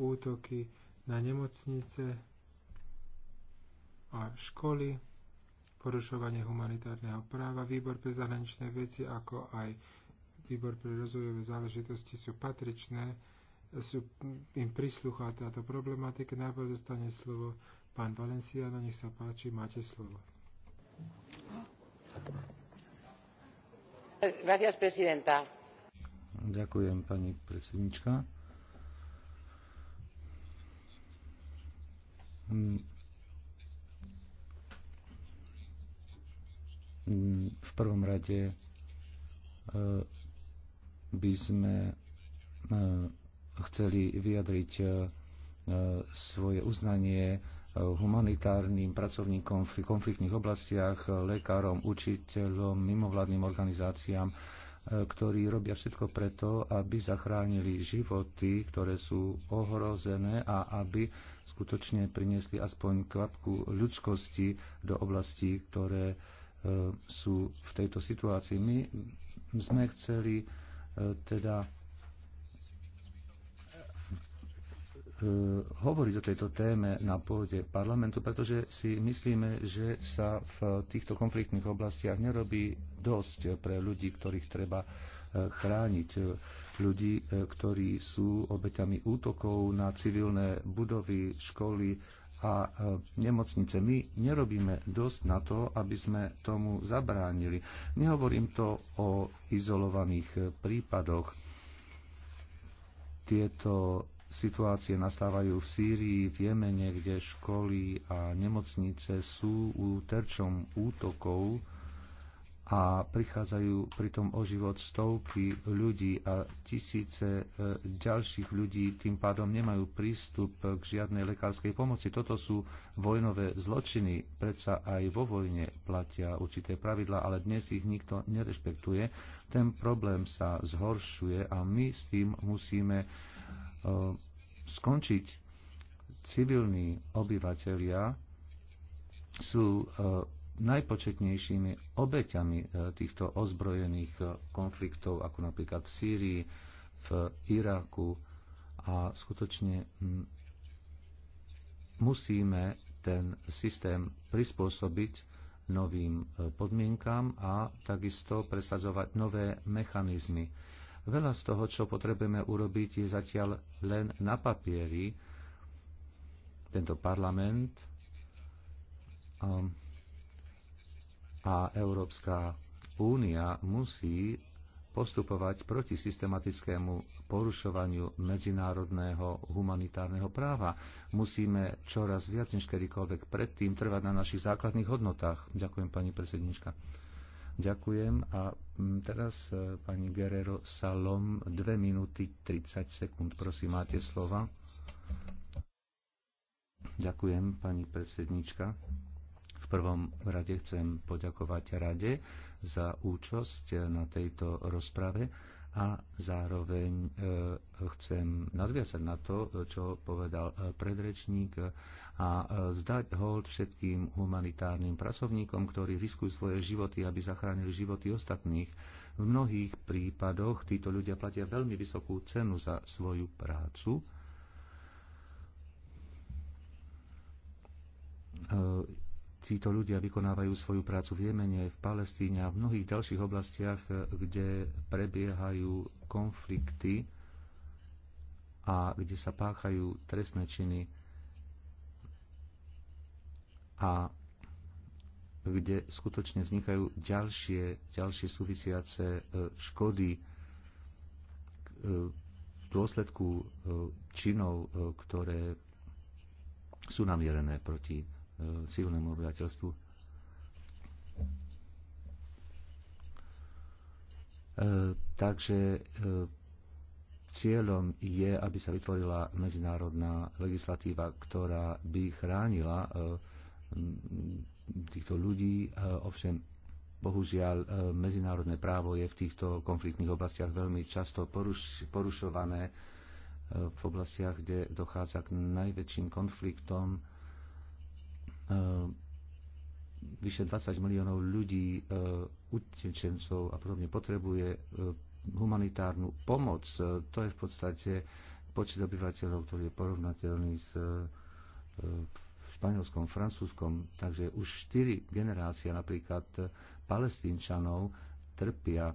útoky na nemocnice a školy, porušovanie humanitárneho práva, výbor pre zahraničné veci, ako aj výbor pre rozvojové záležitosti sú patričné, sú, im prislúcha táto problematika. Najprv dostane slovo pán Valenciano, nech sa páči, máte slovo. Gracias, presidenta. Ďakujem, pani predsednička. Mm, v prvom rade e, by sme e, chceli vyjadriť e, svoje uznanie humanitárnym pracovníkom v konfliktných oblastiach, lekárom, učiteľom, mimovládnym organizáciám, ktorí robia všetko preto, aby zachránili životy, ktoré sú ohrozené a aby skutočne priniesli aspoň kvapku ľudskosti do oblastí, ktoré e, sú v tejto situácii. My sme chceli e, teda e, hovoriť o tejto téme na pôde parlamentu, pretože si myslíme, že sa v týchto konfliktných oblastiach nerobí dosť pre ľudí, ktorých treba chrániť ľudí, e, ktorí sú obeťami útokov na civilné budovy, školy a e, nemocnice. My nerobíme dosť na to, aby sme tomu zabránili. Nehovorím to o izolovaných e, prípadoch. Tieto situácie nastávajú v Sýrii, v Jemene, kde školy a nemocnice sú terčom útokov a prichádzajú pritom o život stovky ľudí a tisíce e, ďalších ľudí tým pádom nemajú prístup k žiadnej lekárskej pomoci. Toto sú vojnové zločiny, predsa aj vo vojne platia určité pravidlá, ale dnes ich nikto nerešpektuje. Ten problém sa zhoršuje a my s tým musíme e, skončiť. Civilní obyvateľia sú e, najpočetnejšími obeťami e, týchto ozbrojených e, konfliktov, ako napríklad v Sýrii, v Iraku. A skutočne musíme ten systém prispôsobiť novým e, podmienkám a takisto presadzovať nové mechanizmy. Veľa z toho, čo potrebujeme urobiť, je zatiaľ len na papieri. Tento parlament um, a Európska únia musí postupovať proti systematickému porušovaniu medzinárodného humanitárneho práva. Musíme čoraz viac než kedykoľvek predtým trvať na našich základných hodnotách. Ďakujem, pani predsednička. Ďakujem a mm, teraz e, pani Guerrero Salom, 2 minúty 30 sekúnd. Prosím, máte slova. Ďakujem, pani predsednička prvom rade chcem poďakovať rade za účasť na tejto rozprave a zároveň e, chcem nadviazať na to, čo povedal e, predrečník a e, zdať hold všetkým humanitárnym pracovníkom, ktorí riskujú svoje životy, aby zachránili životy ostatných. V mnohých prípadoch títo ľudia platia veľmi vysokú cenu za svoju prácu títo ľudia vykonávajú svoju prácu v Jemene, v Palestíne a v mnohých ďalších oblastiach, kde prebiehajú konflikty a kde sa páchajú trestné činy a kde skutočne vznikajú ďalšie, ďalšie súvisiace e, škody e, v dôsledku e, činov, ktoré sú namierené proti E, civilnému obyvateľstvu. E, takže e, cieľom je, aby sa vytvorila medzinárodná legislatíva, ktorá by chránila týchto ľudí. Ovšem, bohužiaľ, medzinárodné právo je v týchto konfliktných oblastiach veľmi často poruš- porušované v oblastiach, kde dochádza k najväčším konfliktom Ehm, vyše 20 miliónov ľudí, ehm, utečencov a podobne potrebuje ehm, humanitárnu pomoc. To je v podstate počet obyvateľov, ktorý je porovnateľný s španielskom, francúzskom. Takže už 4 generácia napríklad palestínčanov trpia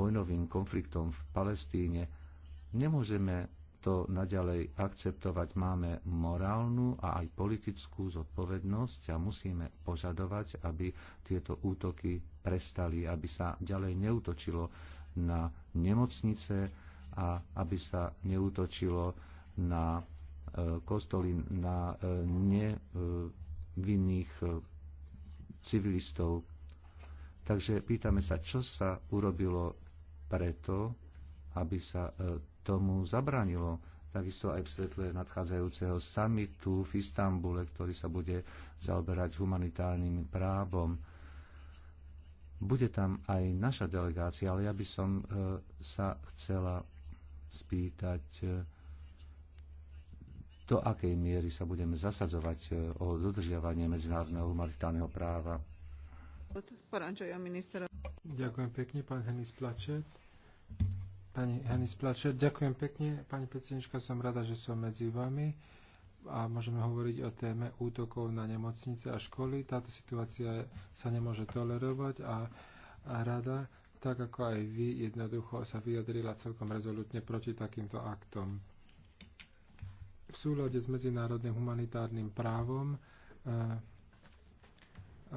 vojnovým konfliktom v Palestíne. Nemôžeme to naďalej akceptovať. Máme morálnu a aj politickú zodpovednosť a musíme požadovať, aby tieto útoky prestali, aby sa ďalej neutočilo na nemocnice a aby sa neutočilo na e, kostoly, na e, nevinných e, civilistov. Takže pýtame sa, čo sa urobilo preto, aby sa tomu zabránilo. Takisto aj v svetle nadchádzajúceho samitu v Istambule, ktorý sa bude zaoberať humanitárnym právom. Bude tam aj naša delegácia, ale ja by som e, sa chcela spýtať, e, do akej miery sa budeme zasadzovať e, o dodržiavanie medzinárodného humanitárneho práva. Ďakujem pekne, pán Henis Plačet. Pani Hanis Plačer, ďakujem pekne. Pani predsednička, som rada, že som medzi vami a môžeme hovoriť o téme útokov na nemocnice a školy. Táto situácia sa nemôže tolerovať a, a rada, tak ako aj vy, jednoducho sa vyjadrila celkom rezolutne proti takýmto aktom. V súlade s medzinárodným humanitárnym právom a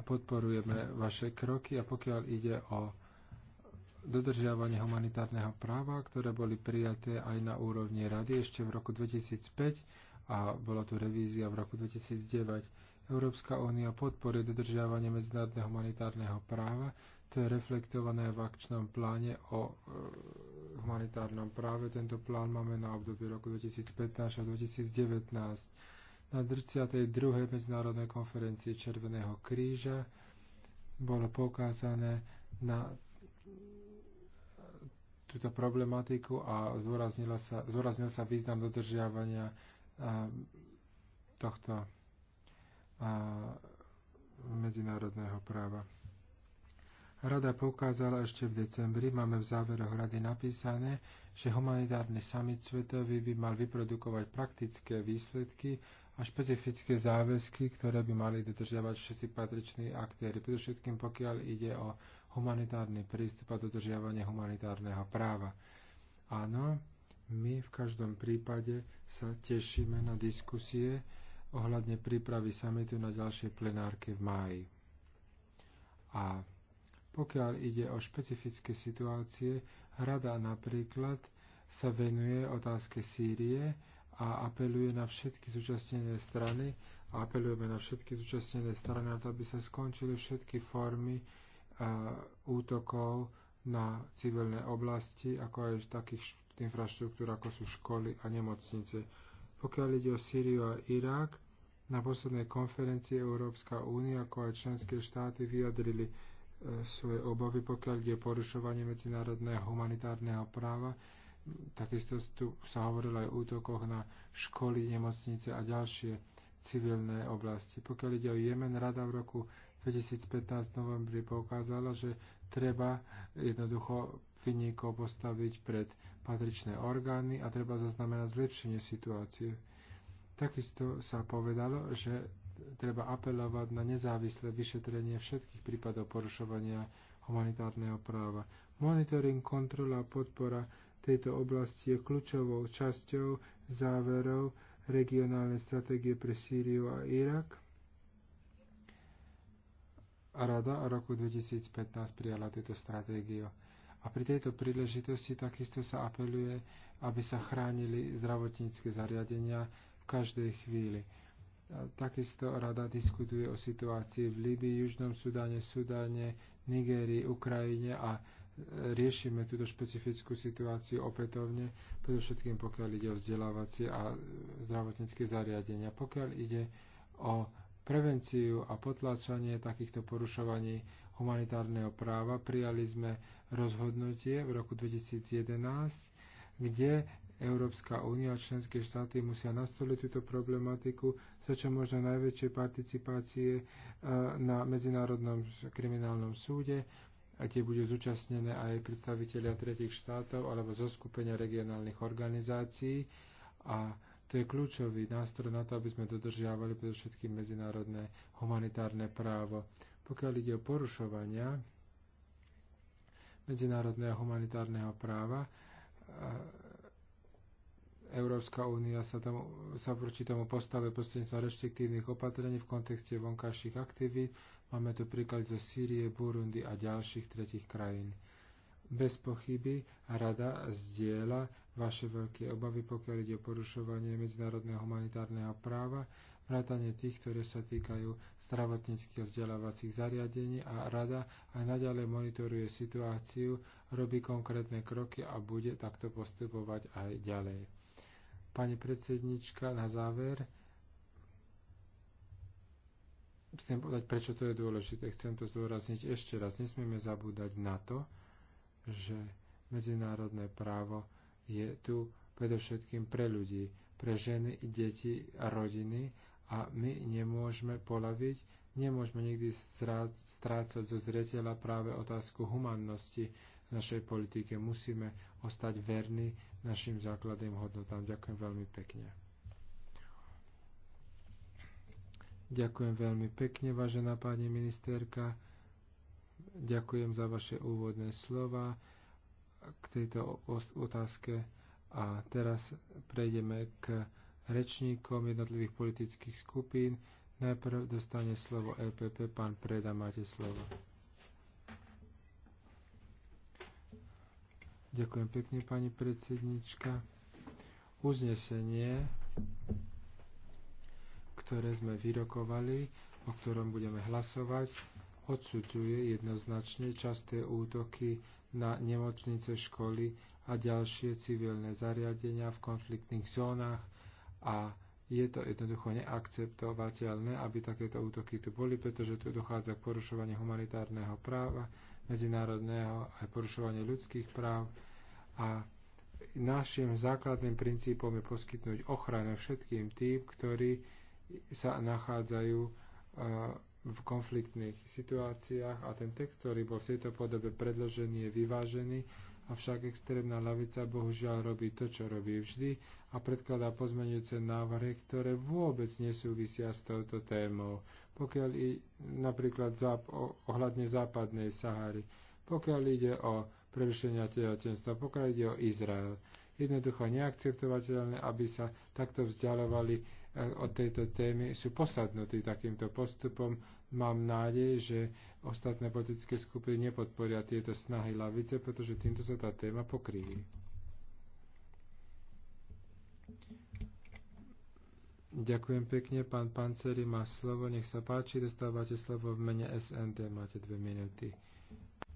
e, podporujeme vaše kroky a pokiaľ ide o dodržiavanie humanitárneho práva, ktoré boli prijaté aj na úrovni rady ešte v roku 2005 a bola tu revízia v roku 2009. Európska únia podporuje dodržiavanie medzinárodného humanitárneho práva, to je reflektované v akčnom pláne o e, humanitárnom práve. Tento plán máme na obdobie roku 2015 až 2019. Na 32. medzinárodnej konferencii Červeného kríža bolo poukázané na túto problematiku a zdôraznil sa, sa význam dodržiavania tohto medzinárodného práva. Rada poukázala ešte v decembri, máme v záveroch rady napísané, že humanitárny summit svetový by mal vyprodukovať praktické výsledky a špecifické záväzky, ktoré by mali dodržiavať všetci patriční aktéry, predovšetkým pokiaľ ide o humanitárny prístup a dodržiavanie humanitárneho práva. Áno, my v každom prípade sa tešíme na diskusie ohľadne prípravy samitu na ďalšie plenárky v máji. A pokiaľ ide o špecifické situácie, rada napríklad sa venuje otázke Sýrie a apeluje na všetky zúčastnené strany a apelujeme na všetky zúčastnené strany na to, aby sa skončili všetky formy útokov na civilné oblasti, ako aj takých infraštruktúr, ako sú školy a nemocnice. Pokiaľ ide o Sýriu a Irak, na poslednej konferencii Európska únia, ako aj členské štáty vyjadrili e, svoje obavy, pokiaľ ide o porušovanie medzinárodného humanitárneho práva. Takisto tu sa hovorilo aj o útokoch na školy, nemocnice a ďalšie civilné oblasti. Pokiaľ ide o Jemen, rada v roku 2015 novembri poukázala, že treba jednoducho vyníkov postaviť pred patričné orgány a treba zaznamenať zlepšenie situácie. Takisto sa povedalo, že treba apelovať na nezávislé vyšetrenie všetkých prípadov porušovania humanitárneho práva. Monitoring, kontrola a podpora tejto oblasti je kľúčovou časťou záverov regionálnej stratégie pre Sýriu a Irak a Rada v roku 2015 prijala túto stratégiu. A pri tejto príležitosti takisto sa apeluje, aby sa chránili zdravotnícke zariadenia v každej chvíli. takisto rada diskutuje o situácii v Líbii, Južnom Sudáne, Sudáne, Nigérii, Ukrajine a e, riešime túto špecifickú situáciu opätovne, predovšetkým pokiaľ ide o vzdelávacie a e, zdravotnícke zariadenia. Pokiaľ ide o prevenciu a potláčanie takýchto porušovaní humanitárneho práva prijali sme rozhodnutie v roku 2011, kde Európska únia a členské štáty musia nastoliť túto problematiku za čo možno najväčšej participácie e, na Medzinárodnom kriminálnom súde a tie budú zúčastnené aj predstavitelia tretich štátov alebo zo skupenia regionálnych organizácií a to je kľúčový nástroj na to, aby sme dodržiavali predovšetkým medzinárodné humanitárne právo. Pokiaľ ide o porušovania medzinárodného humanitárneho práva, Európska únia sa, tomu, sa proti tomu postave prostredníctvom reštriktívnych opatrení v kontexte vonkajších aktivít. Máme tu príklad zo Sýrie, Burundi a ďalších tretich krajín. Bez pochyby rada zdieľa vaše veľké obavy, pokiaľ ide o porušovanie medzinárodného humanitárneho práva, vrátanie tých, ktoré sa týkajú zdravotníckých a vzdelávacích zariadení a rada aj naďalej monitoruje situáciu, robí konkrétne kroky a bude takto postupovať aj ďalej. Pani predsednička, na záver chcem povedať, prečo to je dôležité. Chcem to zdôrazniť ešte raz. Nesmieme zabúdať na to, že medzinárodné právo je tu predovšetkým pre ľudí, pre ženy, deti a rodiny a my nemôžeme polaviť, nemôžeme nikdy strácať zo zreteľa práve otázku humannosti v našej politike. Musíme ostať verní našim základným hodnotám. Ďakujem veľmi pekne. Ďakujem veľmi pekne, vážená pani ministerka. Ďakujem za vaše úvodné slova k tejto otázke a teraz prejdeme k rečníkom jednotlivých politických skupín. Najprv dostane slovo EPP, pán Preda, máte slovo. Ďakujem pekne, pani predsednička. Uznesenie, ktoré sme vyrokovali, o ktorom budeme hlasovať, odsudzuje jednoznačne časté útoky na nemocnice, školy a ďalšie civilné zariadenia v konfliktných zónach a je to jednoducho neakceptovateľné, aby takéto útoky tu boli, pretože tu dochádza k porušovaniu humanitárneho práva, medzinárodného aj porušovanie ľudských práv a našim základným princípom je poskytnúť ochranu všetkým tým, ktorí sa nachádzajú e, v konfliktných situáciách a ten text, ktorý bol v tejto podobe predložený, je vyvážený, avšak extrémna lavica bohužiaľ robí to, čo robí vždy a predkladá pozmenujúce návrhy, ktoré vôbec nesúvisia s touto témou, pokiaľ i napríklad záp- ohľadne západnej Sahary, pokiaľ ide o prerušenia tehotenstva, pokiaľ ide o Izrael. Jednoducho neakceptovateľné, aby sa takto vzdialovali Eh, od tejto témy sú posadnutí takýmto postupom. Mám nádej, že ostatné politické skupiny nepodporia tieto snahy lavice, pretože týmto sa tá téma pokryví. Ďakujem pekne. Pán Panceri má slovo. Nech sa páči, dostávate slovo v mene SND. Máte dve minúty.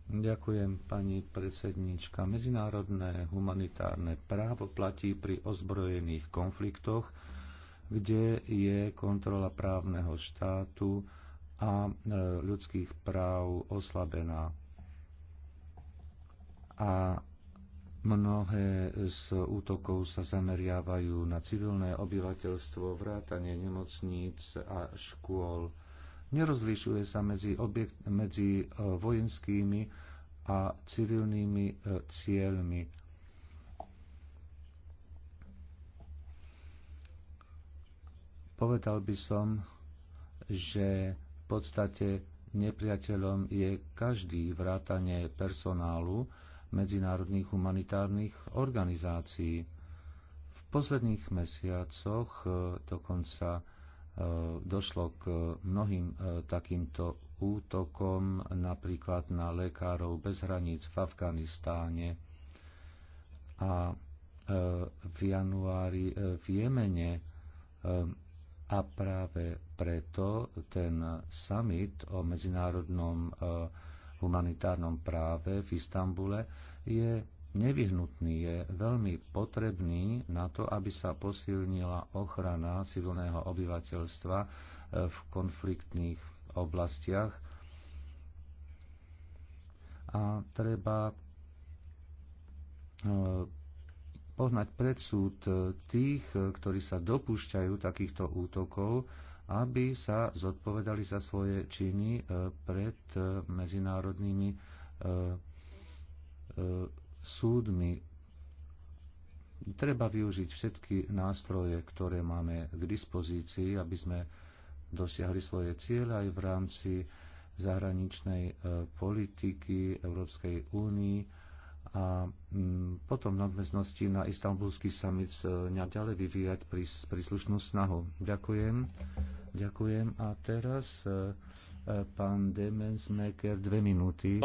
Ďakujem, pani predsednička. Medzinárodné humanitárne právo platí pri ozbrojených konfliktoch kde je kontrola právneho štátu a e, ľudských práv oslabená. A mnohé z útokov sa zameriavajú na civilné obyvateľstvo, vrátanie nemocníc a škôl. Nerozlišuje sa medzi, objekt, medzi e, vojenskými a civilnými e, cieľmi Povedal by som, že v podstate nepriateľom je každý vrátanie personálu medzinárodných humanitárnych organizácií. V posledných mesiacoch e, dokonca e, došlo k mnohým e, takýmto útokom, napríklad na lekárov bez hraníc v Afganistáne a v januári v Jemene a práve preto ten summit o medzinárodnom e, humanitárnom práve v Istambule je nevyhnutný, je veľmi potrebný na to, aby sa posilnila ochrana civilného obyvateľstva e, v konfliktných oblastiach. A treba e, pohnať predsúd e, tých, e, ktorí sa dopúšťajú takýchto útokov, aby sa zodpovedali za svoje činy e, pred medzinárodnými súdmi. Treba využiť všetky nástroje, ktoré máme k dispozícii, aby sme dosiahli svoje cieľe aj v rámci zahraničnej politiky Európskej únii a mm, potom nadväznosti na istambulský summit naďalej vyvíjať príslušnú snahu. Ďakujem. Ďakujem. A teraz e, e, pán Demensmaker, dve minúty.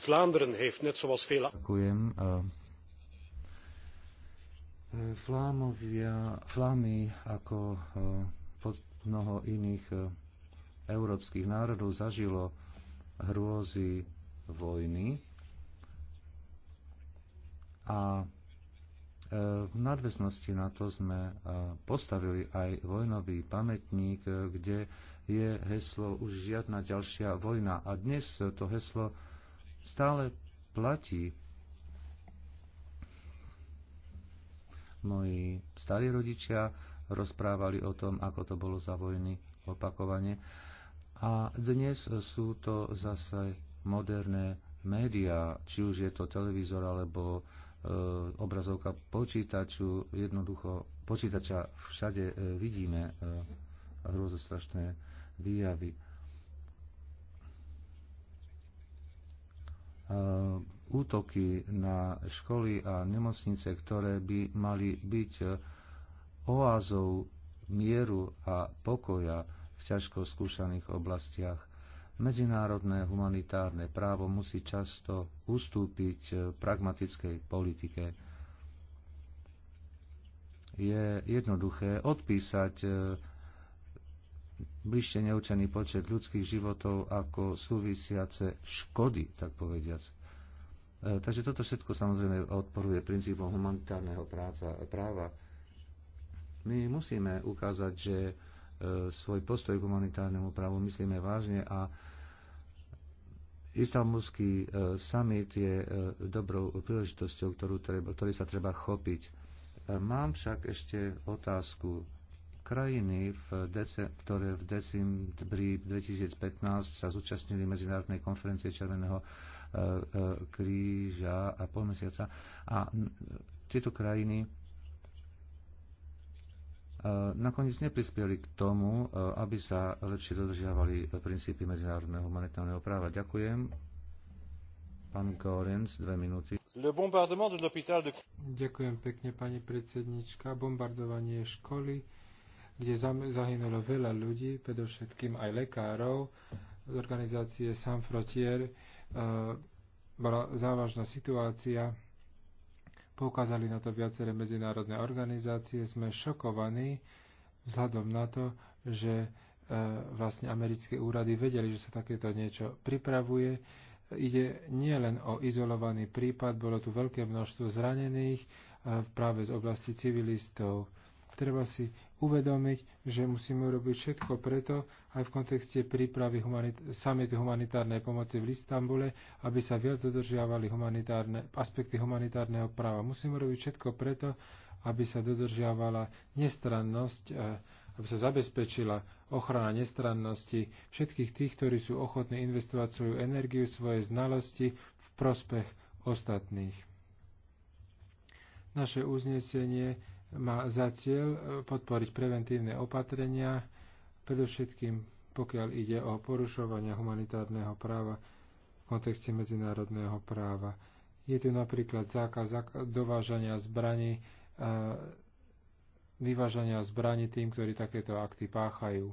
Vlaanderen heeft net zoals veel... Ďakujem. E, Flámovia, Flámy ako pod mnoho iných európskych národov zažilo hrôzy vojny a e, v nadväznosti na to sme e, postavili aj vojnový pamätník, e, kde je heslo už žiadna ďalšia vojna. A dnes to heslo stále platí. Moji starí rodičia rozprávali o tom, ako to bolo za vojny opakovane. A dnes sú to zase moderné médiá, či už je to televízor alebo E, obrazovka počítaču, jednoducho počítača všade e, vidíme e, hrozostrašné výjavy. Útoky na školy a nemocnice, ktoré by mali byť oázou mieru a pokoja v ťažko skúšaných oblastiach Medzinárodné humanitárne právo musí často ustúpiť eh, pragmatickej politike. Je jednoduché odpísať eh, bližšie neučený počet ľudských životov ako súvisiace škody, tak povediac. Eh, takže toto všetko samozrejme odporuje princípom humanitárneho práca, práva. My musíme ukázať, že svoj postoj k humanitárnemu právu myslíme vážne a istambulský e, summit je e, dobrou príležitosťou, ktorú treba, ktorý sa treba chopiť. E, mám však ešte otázku. Krajiny, v dece, ktoré v decembri 2015 sa zúčastnili medzinárodnej konferencie Červeného kríža a pol mesiaca a tieto krajiny E, nakoniec neprispeli k tomu, e, aby sa lepšie dodržiavali princípy medzinárodného humanitárneho práva. Ďakujem. Pán Gorenc, dve minúty. Ďakujem pekne, pani predsednička. Bombardovanie školy, kde zahynulo veľa ľudí, predovšetkým aj lekárov z organizácie San Frontier, e, bola závažná situácia Poukázali na to viaceré medzinárodné organizácie. Sme šokovaní vzhľadom na to, že e, vlastne americké úrady vedeli, že sa takéto niečo pripravuje. Ide nielen o izolovaný prípad, bolo tu veľké množstvo zranených e, práve z oblasti civilistov. Treba si uvedomiť, že musíme urobiť všetko preto, aj v kontexte prípravy humanit- samitu humanitárnej pomoci v Istambule, aby sa viac dodržiavali humanitárne, aspekty humanitárneho práva. Musíme robiť všetko preto, aby sa dodržiavala nestrannosť, e, aby sa zabezpečila ochrana nestrannosti všetkých tých, ktorí sú ochotní investovať svoju energiu, svoje znalosti v prospech ostatných. Naše uznesenie má za cieľ e, podporiť preventívne opatrenia, predovšetkým pokiaľ ide o porušovanie humanitárneho práva v kontexte medzinárodného práva. Je tu napríklad zákaz dovážania zbraní, e, vyvážania zbraní tým, ktorí takéto akty páchajú.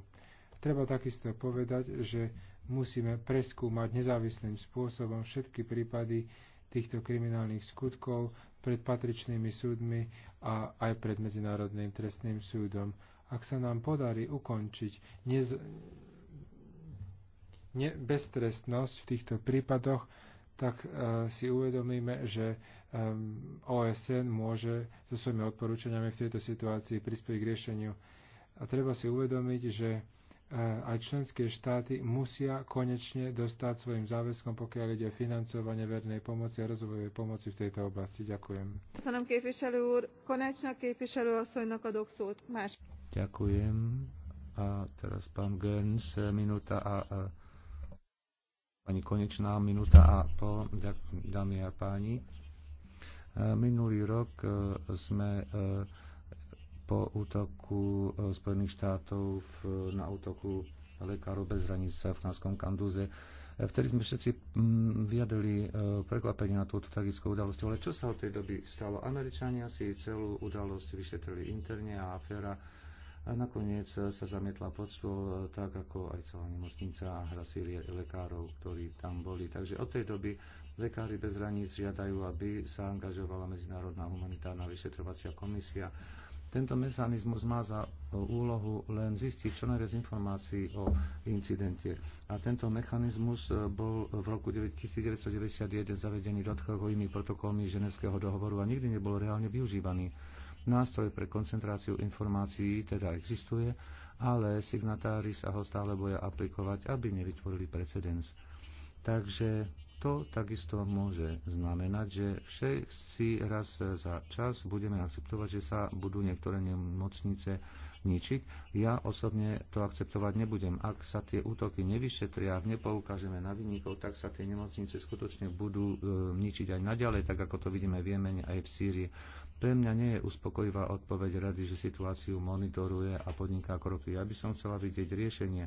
Treba takisto povedať, že musíme preskúmať nezávislým spôsobom všetky prípady týchto kriminálnych skutkov pred patričnými súdmi a aj pred Medzinárodným trestným súdom. Ak sa nám podarí ukončiť nez... ne... beztrestnosť v týchto prípadoch, tak uh, si uvedomíme, že um, e, OSN môže so svojimi odporúčaniami v tejto situácii prispieť k riešeniu. A treba si uvedomiť, že aj členské štáty musia konečne dostať svojim záväzkom, pokiaľ ide o financovanie vernej pomoci a rozvojovej pomoci v tejto oblasti. Ďakujem. Ďakujem. A teraz pán Gerns, minúta a, a pani Konečná, minúta a po, dámy a páni. E, minulý rok e, sme e, po útoku e, Spojených štátov v, na útoku lekárov bez hranice v Knánskom kanduze. E, vtedy sme všetci mm, vyjadrili e, prekvapenie na túto tragickú udalosť, ale čo sa od tej doby stalo? Američania si celú udalosť vyšetrili interne a aféra a nakoniec sa zamietla pod stôl, tak ako aj celá nemocnica a hrasilie lekárov, ktorí tam boli. Takže od tej doby lekári bez hraníc žiadajú, aby sa angažovala Medzinárodná humanitárna vyšetrovacia komisia tento mechanizmus má za úlohu len zistiť čo najviac informácií o incidente. A tento mechanizmus e, bol v roku 1991 zavedený dodatkovými protokolmi Ženevského dohovoru a nikdy nebol reálne využívaný. Nástroj pre koncentráciu informácií teda existuje, ale signatári sa ho stále boja aplikovať, aby nevytvorili precedens. Takže to takisto môže znamenať, že všetci raz za čas budeme akceptovať, že sa budú niektoré nemocnice ničiť. Ja osobne to akceptovať nebudem. Ak sa tie útoky nevyšetria, ak nepoukážeme na vynikov, tak sa tie nemocnice skutočne budú e, ničiť aj naďalej, tak ako to vidíme v Jemene aj v Sýrii. Pre mňa nie je uspokojivá odpoveď rady, že situáciu monitoruje a podniká kroky. Ja by som chcela vidieť riešenie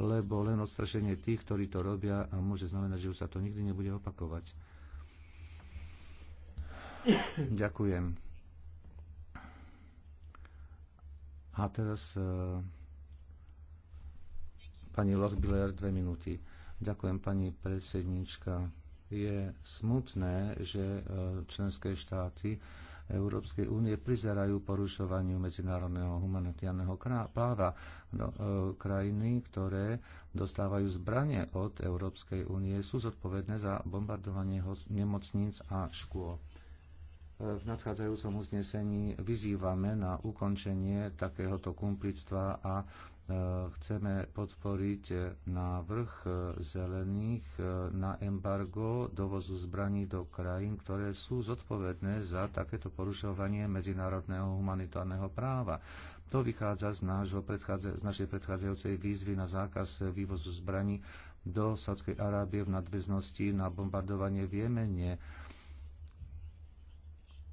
lebo len odstrašenie tých, ktorí to robia, a môže znamenať, že už sa to nikdy nebude opakovať. Ďakujem. A teraz e, pani Lochbiller, dve minúty. Ďakujem, pani predsednička. Je smutné, že e, členské štáty Európskej únie prizerajú porušovaniu medzinárodného humanitárneho práva no, e, krajiny, ktoré dostávajú zbranie od Európskej únie, sú zodpovedné za bombardovanie nemocníc a škôl. E, v nadchádzajúcom uznesení vyzývame na ukončenie takéhoto kumplictva a Eh, chceme podporiť eh, návrh eh, zelených na embargo dovozu zbraní do krajín, ktoré sú zodpovedné za takéto porušovanie medzinárodného humanitárneho práva. To vychádza z, nášho predchádza- z našej predchádzajúcej výzvy na zákaz vývozu zbraní do Sádskej Arábie v nadväznosti na bombardovanie v Jemene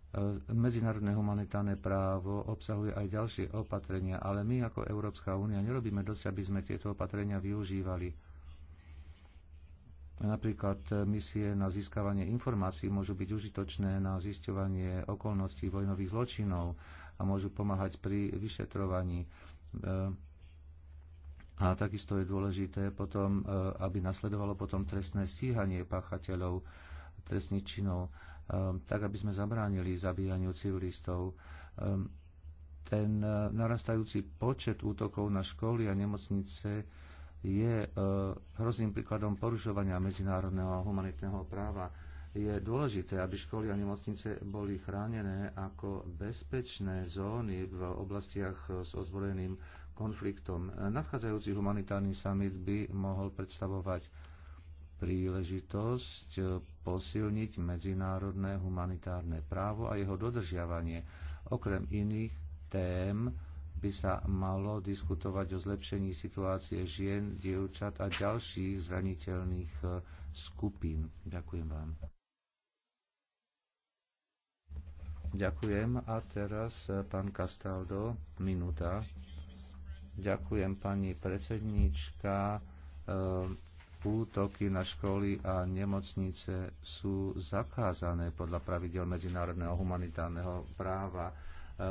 E, medzinárodné humanitárne právo obsahuje aj ďalšie opatrenia, ale my ako Európska únia nerobíme dosť, aby sme tieto opatrenia využívali. Napríklad e, misie na získavanie informácií môžu byť užitočné na zisťovanie okolností vojnových zločinov a môžu pomáhať pri vyšetrovaní. E, a takisto je dôležité potom, aby nasledovalo potom trestné stíhanie páchateľov trestných činov, um, tak aby sme zabránili zabíjaniu civilistov. Um, ten uh, narastajúci počet útokov na školy a nemocnice je uh, hrozným príkladom porušovania medzinárodného a humanitného práva. Je dôležité, aby školy a nemocnice boli chránené ako bezpečné zóny v oblastiach s ozbrojeným konfliktom. Nadchádzajúci humanitárny summit by mohol predstavovať príležitosť e, posilniť medzinárodné humanitárne právo a jeho dodržiavanie. Okrem iných tém by sa malo diskutovať o zlepšení situácie žien, dievčat a ďalších zraniteľných e, skupín. Ďakujem vám. Ďakujem. A teraz e, pán Castaldo, minúta. Ďakujem pani predsedníčka útoky na školy a nemocnice sú zakázané podľa pravidel medzinárodného humanitárneho práva. E,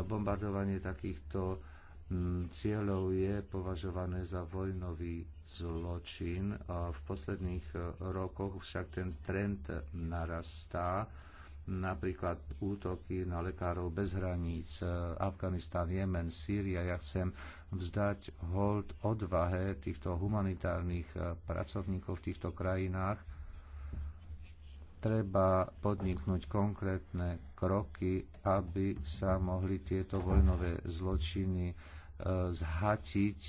bombardovanie takýchto cieľov je považované za vojnový zločin. v posledných e, rokoch však ten trend narastá napríklad útoky na lekárov bez hraníc, e, Afganistan, Jemen, Sýria. Ja chcem vzdať hold odvahe týchto humanitárnych e, pracovníkov v týchto krajinách. Treba podniknúť konkrétne kroky, aby sa mohli tieto vojnové zločiny e, zhatiť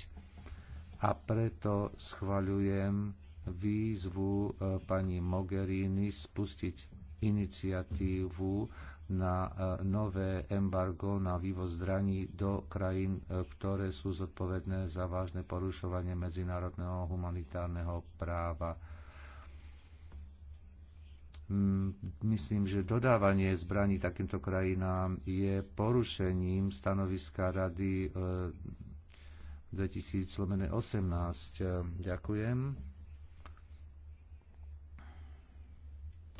a preto schvaľujem výzvu pani Mogherini spustiť iniciatívu na e, nové embargo na vývoz zbraní do krajín, e, ktoré sú zodpovedné za vážne porušovanie medzinárodného humanitárneho práva. Mm, myslím, že dodávanie zbraní takýmto krajinám je porušením stanoviska Rady 2018. E, ďakujem.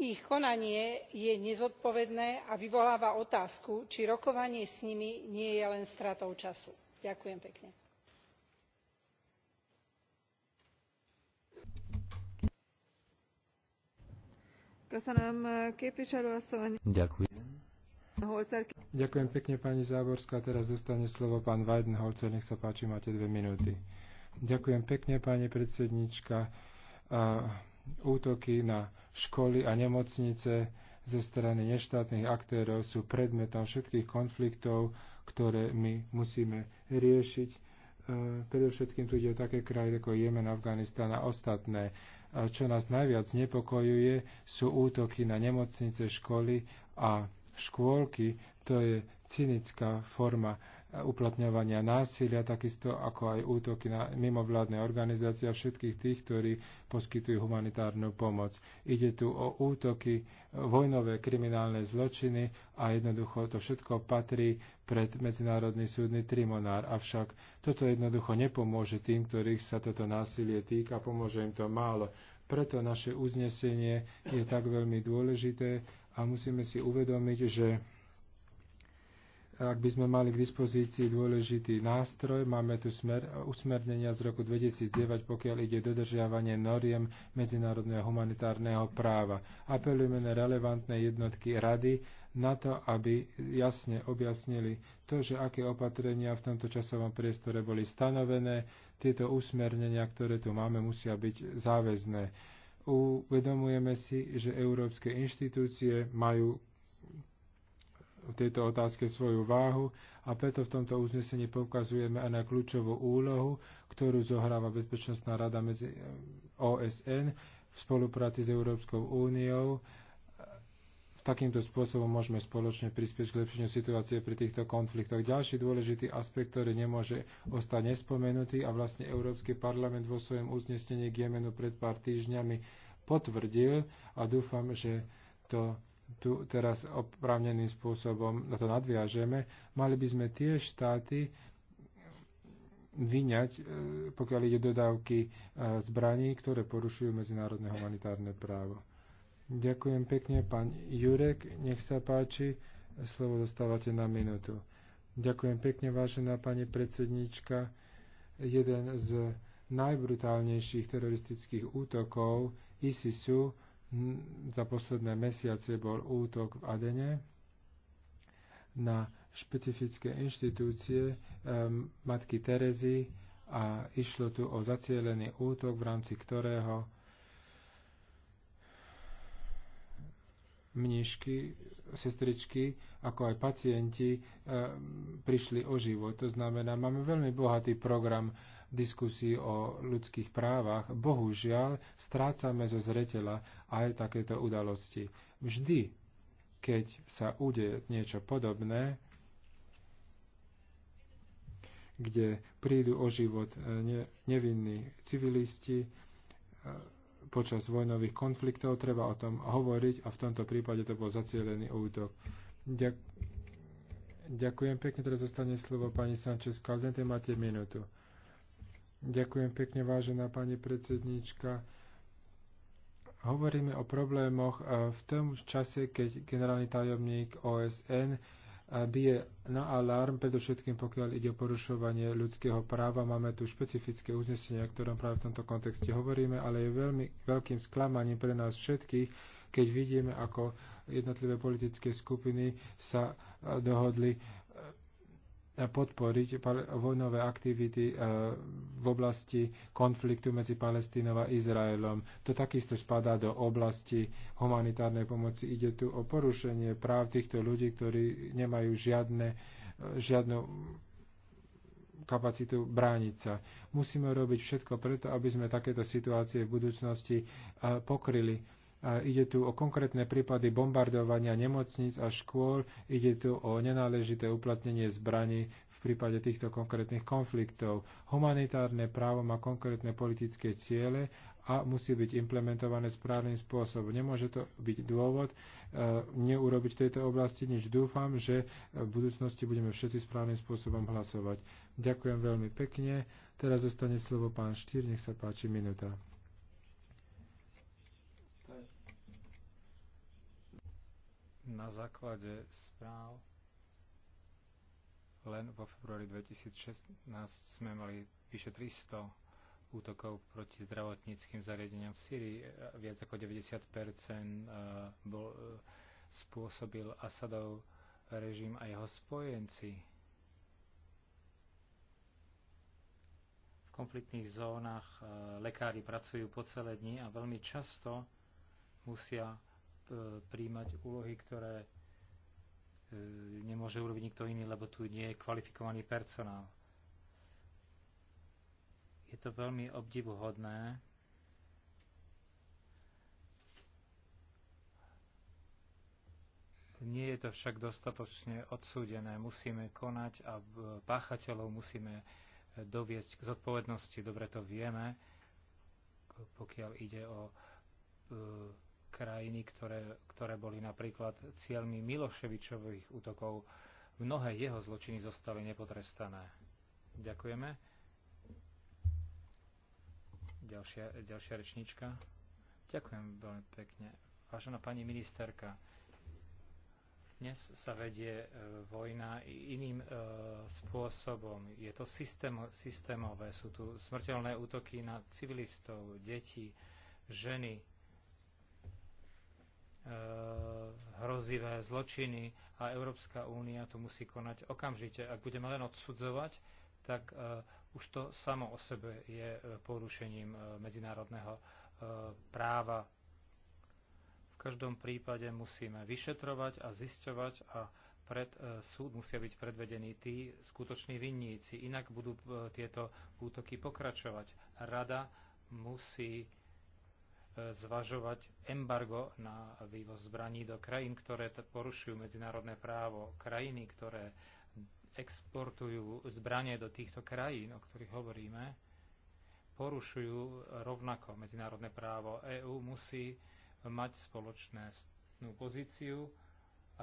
ich konanie je nezodpovedné a vyvoláva otázku či rokovanie s nimi nie je len stratou času. ďakujem pekne. Ďakujem. pekne pani Záborská. Teraz dostane slovo pán Weidenholzer. Nech sa páči, máte dve minúty. Ďakujem pekne, pani predsednička útoky na školy a nemocnice zo strany neštátnych aktérov sú predmetom všetkých konfliktov, ktoré my musíme riešiť. E, predovšetkým tu ide o také krajiny ako Jemen, Afganistan a ostatné. čo nás najviac znepokojuje, sú útoky na nemocnice, školy a škôlky. To je cynická forma uplatňovania násilia, takisto ako aj útoky na mimovládne organizácie a všetkých tých, ktorí poskytujú humanitárnu pomoc. Ide tu o útoky, vojnové kriminálne zločiny a jednoducho to všetko patrí pred Medzinárodný súdny trimonár. Avšak toto jednoducho nepomôže tým, ktorých sa toto násilie týka, pomôže im to málo. Preto naše uznesenie je tak veľmi dôležité a musíme si uvedomiť, že ak by sme mali k dispozícii dôležitý nástroj, máme tu smer, usmernenia z roku 2009, pokiaľ ide dodržiavanie noriem medzinárodného humanitárneho práva. Apelujeme na relevantné jednotky rady na to, aby jasne objasnili to, že aké opatrenia v tomto časovom priestore boli stanovené, tieto usmernenia, ktoré tu máme, musia byť záväzné. Uvedomujeme si, že európske inštitúcie majú v tejto otázke svoju váhu a preto v tomto uznesení poukazujeme aj na kľúčovú úlohu, ktorú zohráva Bezpečnostná rada medzi eh, OSN v spolupráci s Európskou úniou. Takýmto spôsobom môžeme spoločne prispieť k lepšeniu situácie pri týchto konfliktoch. Ďalší dôležitý aspekt, ktorý nemôže ostať nespomenutý a vlastne Európsky parlament vo svojom uznesení k Jemenu pred pár týždňami potvrdil a dúfam, že to tu teraz oprávneným spôsobom na to nadviažeme, mali by sme tie štáty vyňať, e, pokiaľ ide dodávky e, zbraní, ktoré porušujú medzinárodné humanitárne právo. Ďakujem pekne, pán Jurek, nech sa páči, slovo dostávate na minútu. Ďakujem pekne, vážená pani predsednička. Jeden z najbrutálnejších teroristických útokov ISISu Hm, za posledné mesiace bol útok v Adene na špecifické inštitúcie ehm, matky Terezy a išlo tu o zacielený útok, v rámci ktorého mnišky, sestričky, ako aj pacienti ehm, prišli o život. To znamená, máme veľmi bohatý program diskusii o ľudských právach, bohužiaľ strácame zo zreteľa aj takéto udalosti. Vždy, keď sa udeje niečo podobné, kde prídu o život e, nevinní civilisti e, počas vojnových konfliktov. Treba o tom hovoriť a v tomto prípade to bol zacielený útok. ďakujem pekne, teraz zostane slovo pani Sanchez Caldente, máte minútu. Ďakujem pekne, vážená pani predsedníčka. Hovoríme o problémoch e, v tom čase, keď generálny tajomník OSN e, bije na alarm, predovšetkým pokiaľ ide o porušovanie ľudského práva. Máme tu špecifické uznesenie, o ktorom práve v tomto kontexte hovoríme, ale je veľmi veľkým sklamaním pre nás všetkých, keď vidíme, ako jednotlivé politické skupiny sa e, dohodli podporiť vojnové aktivity e, v oblasti konfliktu medzi Palestínou a Izraelom. To takisto spadá do oblasti humanitárnej pomoci. Ide tu o porušenie práv týchto ľudí, ktorí nemajú žiadne, e, žiadnu kapacitu brániť sa. Musíme robiť všetko preto, aby sme takéto situácie v budúcnosti e, pokryli Ide tu o konkrétne prípady bombardovania nemocníc a škôl, ide tu o nenáležité uplatnenie zbraní v prípade týchto konkrétnych konfliktov. Humanitárne právo má konkrétne politické ciele a musí byť implementované správnym spôsobom. Nemôže to byť dôvod e, neurobiť v tejto oblasti nič. Dúfam, že v budúcnosti budeme všetci správnym spôsobom hlasovať. Ďakujem veľmi pekne. Teraz zostane slovo pán Štýr, nech sa páči minúta. na základe správ len vo februári 2016 sme mali vyše 300 útokov proti zdravotníckým zariadeniam v Syrii. Viac ako 90 e, bol, e, spôsobil Asadov režim a jeho spojenci. V konfliktných zónach e, lekári pracujú po celé dni a veľmi často musia E, príjmať úlohy, ktoré e, nemôže urobiť nikto iný, lebo tu nie je kvalifikovaný personál. Je to veľmi obdivuhodné. Nie je to však dostatočne odsúdené. Musíme konať a e, páchateľov musíme doviesť k zodpovednosti. Dobre to vieme, pokiaľ ide o krajiny, ktoré, ktoré boli napríklad cieľmi Miloševičových útokov. Mnohé jeho zločiny zostali nepotrestané. Ďakujeme. Ďalšia, ďalšia rečnička. Ďakujem veľmi pekne. Vážená pani ministerka, dnes sa vedie e, vojna iným e, spôsobom. Je to systém, systémové. Sú tu smrteľné útoky na civilistov, deti, ženy, Eh, hrozivé zločiny a Európska únia to musí konať okamžite. Ak budeme len odsudzovať, tak eh, už to samo o sebe je eh, porušením medzinárodného práva. V každom prípade musíme vyšetrovať a zisťovať a pred súd musia byť predvedení tí skutoční vinníci, inak budú tieto útoky pokračovať. Rada musí zvažovať embargo na vývoz zbraní do krajín, ktoré porušujú medzinárodné právo, krajiny, ktoré exportujú zbranie do týchto krajín, o ktorých hovoríme, porušujú rovnako medzinárodné právo. EÚ musí mať spoločnú pozíciu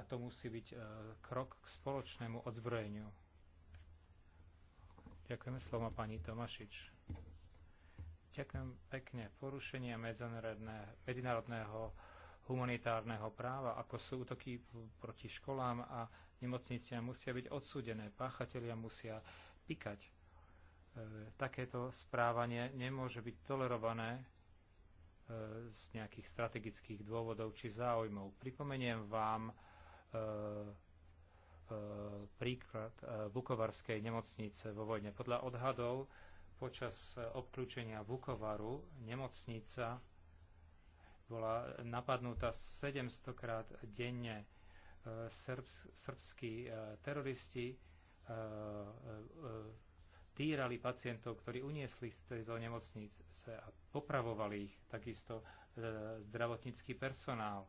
a to musí byť e, krok k spoločnému odzbrojeniu. Ďakujeme slovo pani Tomašič. Ďakujem pekne. Porušenie medzinárodného humanitárneho práva, ako sú útoky proti školám a nemocniciam, musia byť odsúdené. Páchatelia musia pikať. E, takéto správanie nemôže byť tolerované e, z nejakých strategických dôvodov či záujmov. Pripomeniem vám e, e príklad Vukovarskej nemocnice vo vojne. Podľa odhadov Počas e, obklúčenia Vukovaru nemocnica bola napadnutá 700 krát denne e, srbskí e, teroristi týrali pacientov, ktorí uniesli z tejto nemocnice a popravovali ich, takisto zdravotnícky personál.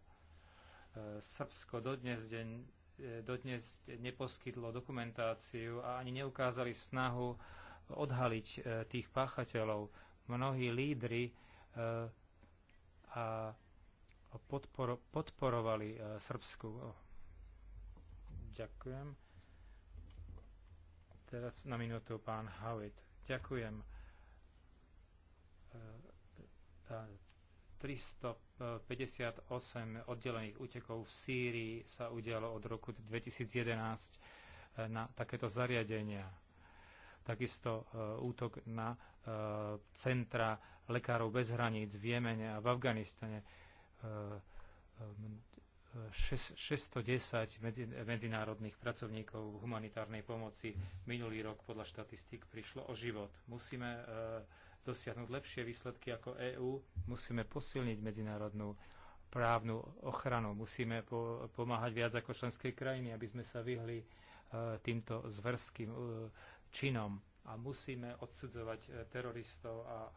Srbsko dodnes, deň, dodnes neposkytlo dokumentáciu a ani neukázali snahu odhaliť e, tých páchateľov. Mnohí lídry e, a podporo, podporovali e, Srbsku. Ďakujem. Teraz na minútu pán Howitt. Ďakujem. 358 oddelených útekov v Sýrii sa udialo od roku 2011 na takéto zariadenia takisto e, útok na e, centra lekárov bez hraníc v Jemene a v Afganistane. 610 e, medzinárodných pracovníkov v humanitárnej pomoci minulý rok podľa štatistík prišlo o život. Musíme dosiahnuť lepšie výsledky ako EÚ, musíme posilniť medzinárodnú právnu ochranu, musíme pomáhať viac ako členské krajiny, aby sme sa vyhli týmto zverským činom a musíme odsudzovať e, teroristov a e,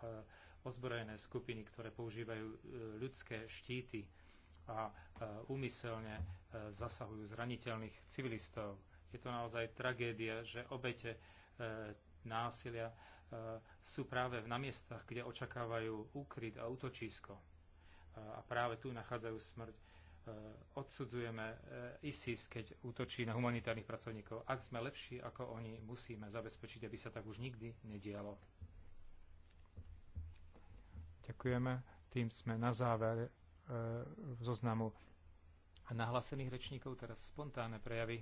ozbrojené skupiny, ktoré používajú e, ľudské štíty a úmyselne zasahujú zraniteľných civilistov. Je to naozaj tragédia, že obete násilia sú práve na miestach, kde očakávajú úkryt a útočisko. A práve tu nachádzajú smrť Eh, odsudzujeme eh, ISIS, keď útočí na humanitárnych pracovníkov. Ak sme lepší ako oni, musíme zabezpečiť, aby sa tak už nikdy nedialo. Ďakujeme. Tým sme na záver e, zoznamu nahlásených rečníkov. Teraz spontánne prejavy.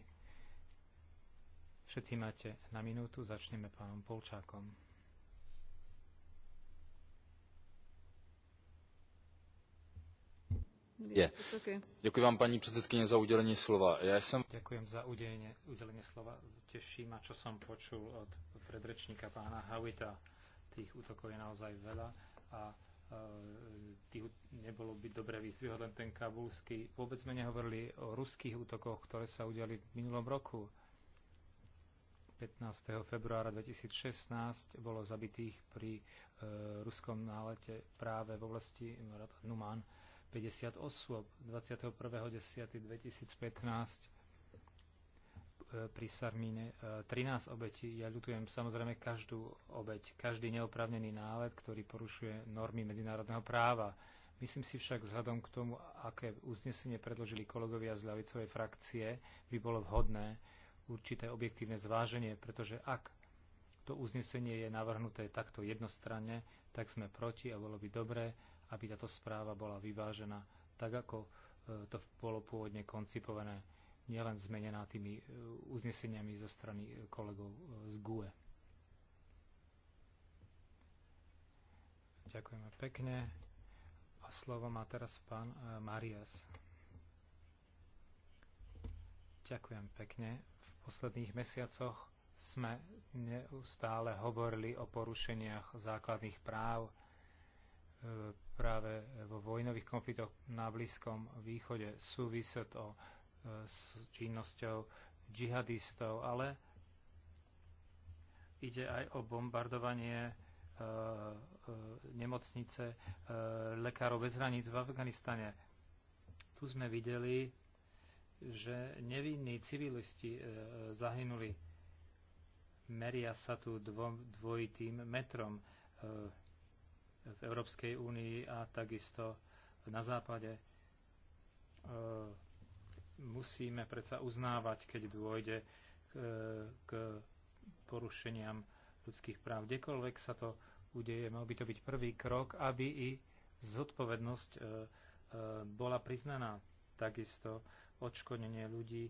Všetci máte na minútu. Začneme pánom Polčákom. Ďakujem vám pani predsedkyne za udelenie slova. Ja som... Ďakujem za udelenie, udelenie slova. Teší ma, čo som počul od predrečníka pána Hawita. Tých útokov je naozaj veľa a e, tých nebolo by dobre vyzvihol len ten kabulský. Vôbec sme nehovorili o ruských útokoch, ktoré sa udiali v minulom roku. 15. februára 2016 bolo zabitých pri e, ruskom nálete práve v oblasti Numan. E, 50 osôb 21.10.2015 e, pri Sarmíne 13 e, obetí. Ja ľutujem samozrejme každú obeť, každý neoprávnený nálet, ktorý porušuje normy medzinárodného práva. Myslím si však vzhľadom k tomu, aké uznesenie predložili kolegovia z ľavicovej frakcie, by bolo vhodné určité objektívne zváženie, pretože ak to uznesenie je navrhnuté takto jednostranne, tak sme proti a bolo by dobré, aby táto správa bola vyvážená tak, ako e, to bolo pôvodne koncipované, nielen zmenená tými e, uzneseniami zo strany e, kolegov z GUE. Ďakujeme pekne. A slovo má teraz pán Marias. Ďakujem pekne. V posledných mesiacoch sme neustále hovorili o porušeniach základných práv práve vo vojnových konfliktoch na Blízkom východe súvisí to e, s činnosťou džihadistov, ale ide aj o bombardovanie e, e, nemocnice Lekárov bez hraníc v Afganistane. Tu sme videli, že nevinní civilisti zahynuli. Meria sa tu dvo, dvojitým metrom v Európskej únii a takisto na západe. E, musíme predsa uznávať, keď dôjde k porušeniam ľudských práv. Kdekoľvek sa to udeje, mal by to byť prvý krok, aby i zodpovednosť e, e, bola priznaná. Takisto odškodnenie ľudí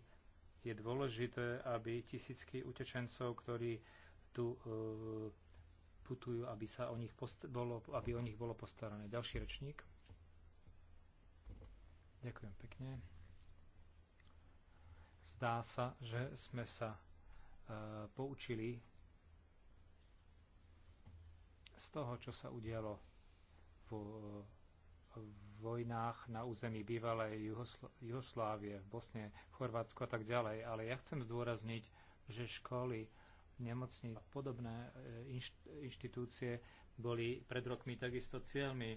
je dôležité, aby tisícky utečencov, ktorí tu putujú, aby, sa o nich bolo, aby o nich bolo postarané. Ďalší rečník. Ďakujem pekne. Zdá sa, že sme sa e, poučili z toho, čo sa udialo v, vojnách na území bývalej Juhoslo- Juhoslávie, v Bosne, v Chorvátsku a tak ďalej. Ale ja chcem zdôrazniť, že školy nemocní podobné e, inštitúcie boli pred rokmi takisto cieľmi.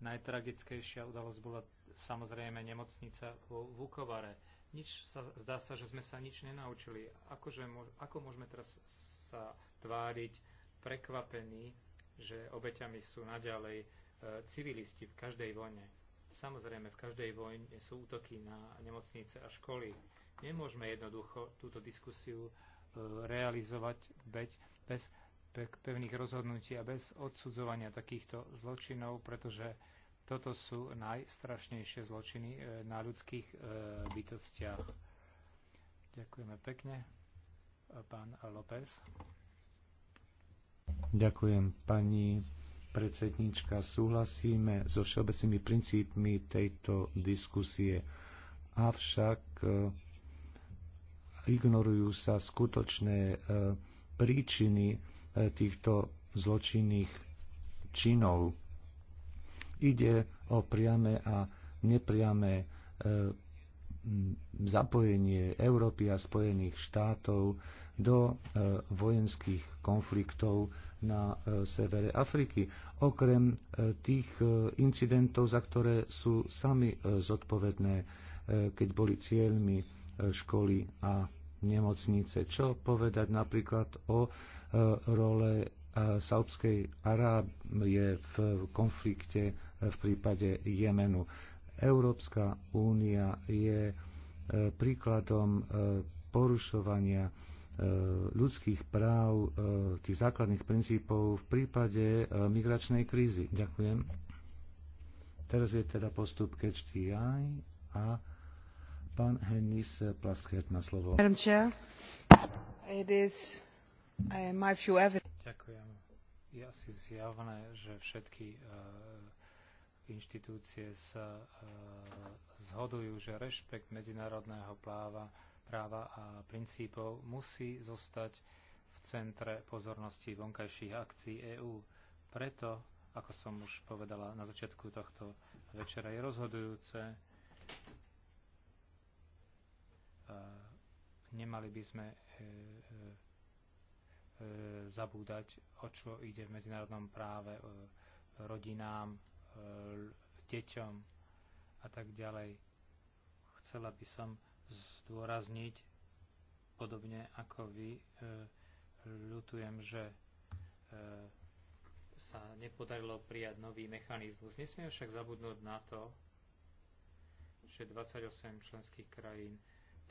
Najtragickejšia udalosť bola samozrejme nemocnica vo Vukovare. Nič sa, zdá sa, že sme sa nič nenaučili. Akože, ako môžeme teraz sa tváriť prekvapení, že obeťami sú naďalej e, civilisti v každej vojne. Samozrejme, v každej vojne sú útoky na nemocnice a školy. Nemôžeme jednoducho túto diskusiu realizovať bez pevných rozhodnutí a bez odsudzovania takýchto zločinov, pretože toto sú najstrašnejšie zločiny e, na ľudských e, bytostiach. Ďakujeme pekne. Pán López. Ďakujem, pani predsednička. Súhlasíme so všeobecnými princípmi tejto diskusie. Avšak e, ignorujú sa skutočné e, príčiny e, týchto zločinných činov. Ide o priame a nepriame e, zapojenie Európy a Spojených štátov do vojenských konfliktov na severe Afriky, okrem tých incidentov, za ktoré sú sami zodpovedné, keď boli cieľmi školy a nemocnice. Čo povedať napríklad o e, role e, Saudskej Arábie v konflikte e, v prípade Jemenu. Európska únia je príkladom porušovania ľudských práv, tých základných princípov v prípade migračnej krízy. Ďakujem. Teraz je teda postup catch the eye a Pán Hennis má slovo. Uh, Ďakujem. Je asi zjavné, že všetky uh, inštitúcie sa uh, zhodujú, že rešpekt medzinárodného práva, práva a princípov musí zostať v centre pozornosti vonkajších akcií EÚ. Preto, ako som už povedala na začiatku tohto večera, je rozhodujúce, Eh, nemali by sme eh, eh, zabúdať, o čo ide v medzinárodnom práve rodinám, deťom a tak ďalej. Chcela by som zdôrazniť, podobne ako vy, ľutujem, že sa nepodarilo prijať nový mechanizmus. Nesmieme však zabudnúť na to, že 28 členských krajín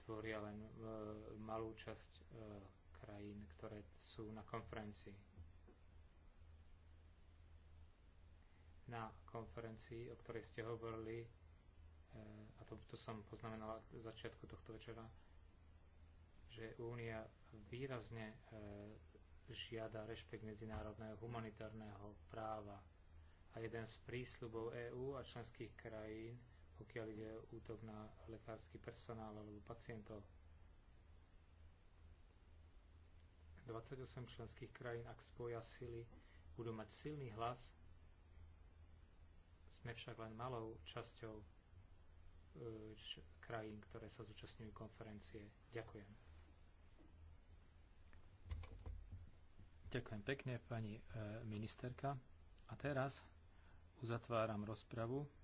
tvoria len e, malú časť e, krajín, ktoré sú na konferencii. Na konferencii, o ktorej ste hovorili, e, a to, to som poznamenal v začiatku tohto večera, že Únia výrazne žiada rešpekt medzinárodného humanitárneho práva a jeden z prísľubov EÚ a členských krajín pokiaľ ide o útok na lekársky personál alebo pacientov. 28 členských krajín, ak spoja sily, budú mať silný hlas. Sme však len malou časťou e, krajín, ktoré sa zúčastňujú konferencie. Ďakujem. Ďakujem pekne, pani e, ministerka. A teraz uzatváram rozpravu.